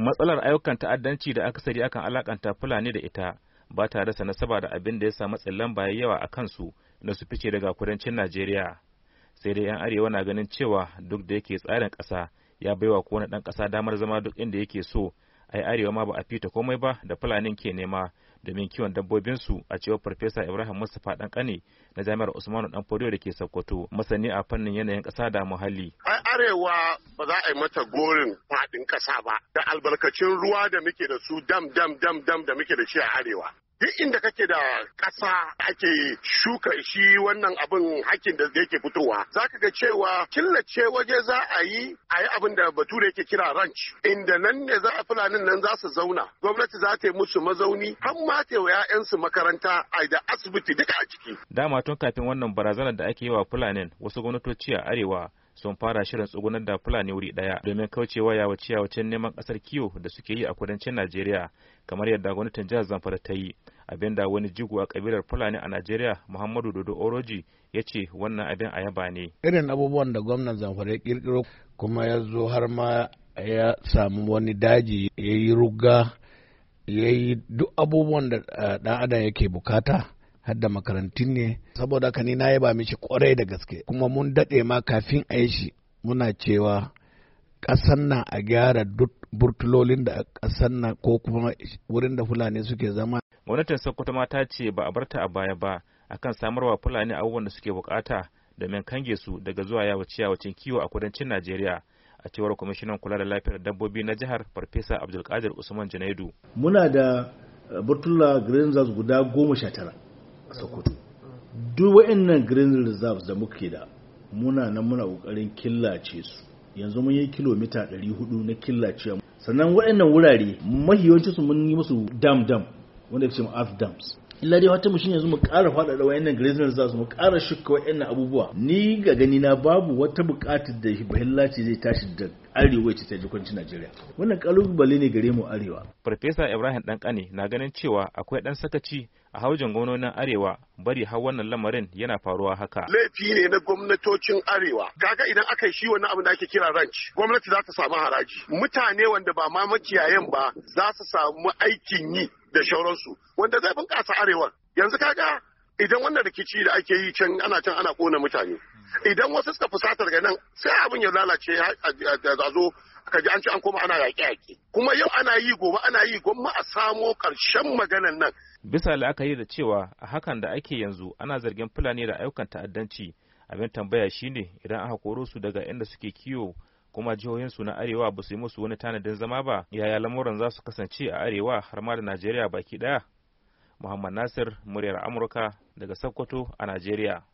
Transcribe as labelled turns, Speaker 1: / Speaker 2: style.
Speaker 1: matsalar ayyukan ta'addanci da akasari akan alakanta fulani da ita ba ta rasa nasaba da abin da ya sa matsin lamba yawa a kansu na su fice daga kudancin najeriya sai dai 'yan arewa na ganin cewa duk da yake tsarin ƙasa ya baiwa kowane ɗan ƙasa damar zama duk inda yake so ai arewa ma ba a fita komai ba da fulanin ke nema domin kiwon dabbobinsu a cewar farfesa ibrahim mustapha dan kane na jami'ar usmanu dan da ke sokoto masani a fannin yanayin ƙasa da muhalli
Speaker 2: ai arewa ba za a yi mata gorin faɗin ƙasa ba da albarkacin ruwa da muke da su dam dam dam dam da muke da shi a arewa duk inda kake da ƙasa ake shuka shi wannan abin hakin da yake fitowa za ka ga cewa killace waje za a yi a yi abin da bature yake kira ranch inda nan ne za a fulanin nan za su zauna gwamnati za ta yi musu mazauni har ma ta yi wa 'ya'yansu makaranta a da asibiti duka a ciki.
Speaker 1: dama tun kafin wannan barazanar da ake yi wa fulanin wasu gwamnatoci a arewa sun fara shirin tsugunar da fulani wuri daya domin kaucewa yawace yawacen neman kasar kiwo da suke yi a kudancin najeriya kamar yadda gwamnatin jihar zamfara ta yi abin da wani jigo a kabilar fulani a najeriya muhammadu dodo oroji ya ce wannan abin a yaba ne irin
Speaker 3: abubuwan da gwamnan zamfara ya kirkiro kuma ya zo har ma ya samu wani daji ya yi ruga ya yi duk abubuwan da eh, ɗan adam yake bukata har da makarantun ne saboda haka ni na yaba mishi kwarai da gaske kuma mun daɗe ma kafin a yi shi muna cewa ƙasan nan a gyara duk burtulolin da ƙasan na ko kuma wurin da fulani suke zama
Speaker 1: gwamnatin sokoto mata ce ba a barta a baya ba akan samarwa fulani abubuwan da suke bukata domin kange su daga zuwa yawace yawacin kiwo a kudancin najeriya a cewar kwamishinan kula da lafiyar dabbobi na jihar farfesa abdulkadir usman janaidu
Speaker 4: muna da burtula green guda goma sha tara sokoto duk wa'annan green reserves da muke da muna nan muna kokarin killace su yanzu mun yi kilomita 400 na killace sannan waɗannan wurare mahiyoci su mun yi musu dam dam wanda ke cewa earth dams illa dai wata mushin yanzu mu ƙara faɗaɗa wayannan grazing reserves mu ƙara shuka wayannan abubuwa ni ga gani na babu wata buƙatar da bahillaci zai tashi da arewa ce ta jikoncin Najeriya. Wannan kalubale
Speaker 1: ne gare mu arewa. Farfesa Ibrahim Dankane na ganin cewa akwai ɗan sakaci a haujin gwamnonin arewa bari har wannan lamarin yana faruwa haka.
Speaker 2: Laifi ne na gwamnatocin arewa. Kaga idan aka yi shi wani abu da ake kira ranch, gwamnati za ta samu haraji. Mutane wanda ba ma makiyayen ba za su samu aikin yi da shauransu wanda zai bunƙasa arewa. Yanzu kaga idan wannan rikici da ake yi can ana can ana ƙona mutane idan wasu suka fusata daga nan sai abin ya lalace a zo ka ji an ci an koma ana yaƙi yaƙi kuma yau ana yi gobe ana yi gwamma a samo karshen maganan nan.
Speaker 1: bisa la'akari da cewa a hakan da ake yanzu ana zargin fulani da ayyukan ta'addanci abin tambaya shine idan aka koro su daga inda suke kiwo kuma jihohinsu na arewa ba su yi musu wani tanadin zama ba yaya lamuran za su kasance a arewa har ma da najeriya baki ɗaya? muhammad nasir muryar amurka daga sokoto a najeriya